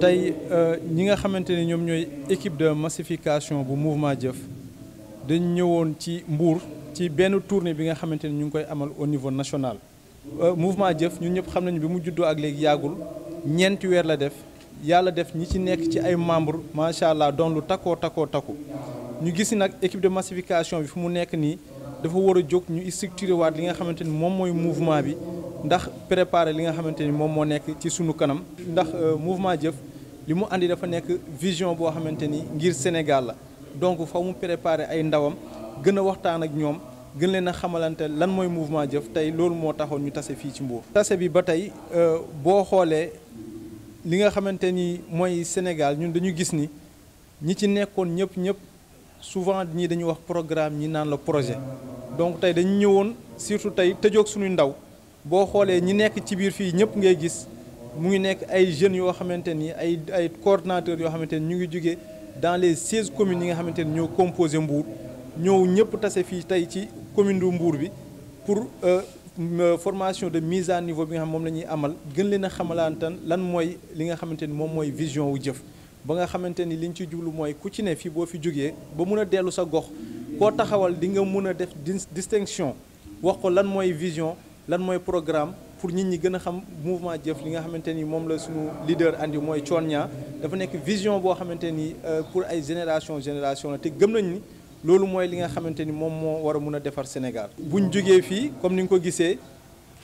tey euh, ñi nga xamante ne ñoom ñooy équipe de massification bu mouvement jëf dañ ñëwoon ci Mbour ci benn tournée bi nga xamante ne ñu ngi koy amal au niveau national euh, mouvement jëf ñu ñëpp xam nañu bi mu juddoo ak léegi yàggul ñeenti weer la def yàlla def ñi ci nekk ci ay membres macha allah doon lu takkoo takkoo takku ñu gis nag équipe de massification bi fu mu nekk nii dafa war a jóg ñu structuré waat li nga xamante ni moom mooy mouvement bi ndax préparer li nga xamante ni moom moo nekk ci sunu kanam ndax euh, mouvement jëf li mu andi dafa nek vision bo xamanteni ngir Sénégal la donc faw mu préparer ay ndawam gën a waxtaan ak ñom gën leena xamalante lan moy mouvement jëf tay lool mo taxone ñu tassé fi ci Mbour. tassé bi batay tey euh, boo xoolee li nga xamanteni moy mooy Sénégal ñun dañu gis ni ñi ci nekkoon ñëpp ñëpp souvent ñi dañu wax programme ñi naan le projet donc tay dañu ñëwoon surtout tay tëjoog suñu ndaw bo xolé ñi nekk ci biir fi ñëpp ngay gis mu ngi nekk ay jeunes yoo xamante ni ay ay coordonnateurs yoo xamante ñu ngi jóge dans les seize communes yi nga xamante ni ñoo composé Mbour ñoo ñëpp tase fii tey ci commune du Mbour bi pour euh, euh, formation de mise à niveau bi nga xam moom la amal gën leen a xamalantan lan mooy li nga xamante moom mooy vision wu jëf ba nga xamante ni liñ ci jublu mooy ku ci ne fii boo fi jógee ba mun a sa gox koo taxawal di nga mun def distinction wax ko lan mooy vision lan mooy programme pour nit ñi xam mouvement jëf li nga xamanteni mom la suñu leader andi moy Thionia dafa nekk vision bo xamanteni euh, pour ay génération génération té te gëm nañ ni lolu moy li nga xamanteni mom mo wara mëna défar Sénégal buñ joggé fi comme ni nga ko gissé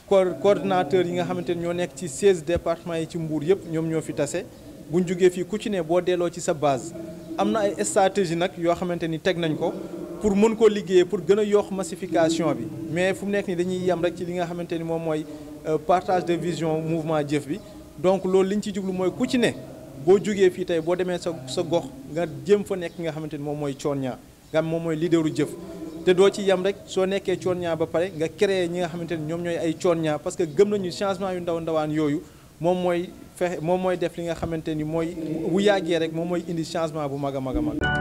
coordinateur yi nga xamanteni ño ñoo nekk ci 16 départements yi ci Mbour yëpp ñom ño fi tassé buñ joggé fi ku ci né bo délo ci sa base Amna ay stratégie nak yo xamanteni ni nañ ko pour mën ko liggéey pour gëna yox massification bi mais fu mu ni dañuy yam rek ci li nga xamanteni mom moy Euh, partage de vision mouvement jëf bi donc loolu li ñu ci jublu mooy ku ci ne boo jógee fii tey boo demee sa sa gox nga jëm fa nekk nga xamante ni moom mooy coon ñaa nga moom mooy leaderu jëf te doo ci yem rek soo nekkee ñaa ba pare nga créer ñi nga xamante ni ñoom ñooy ay Thionia parce que gëm nañu changement yu ndaw ndawaan yooyu moom mooy fexe moom mooy def li nga xamante ni mooy bu yàggee rek moom mooy indi changement bu mag a mag a mag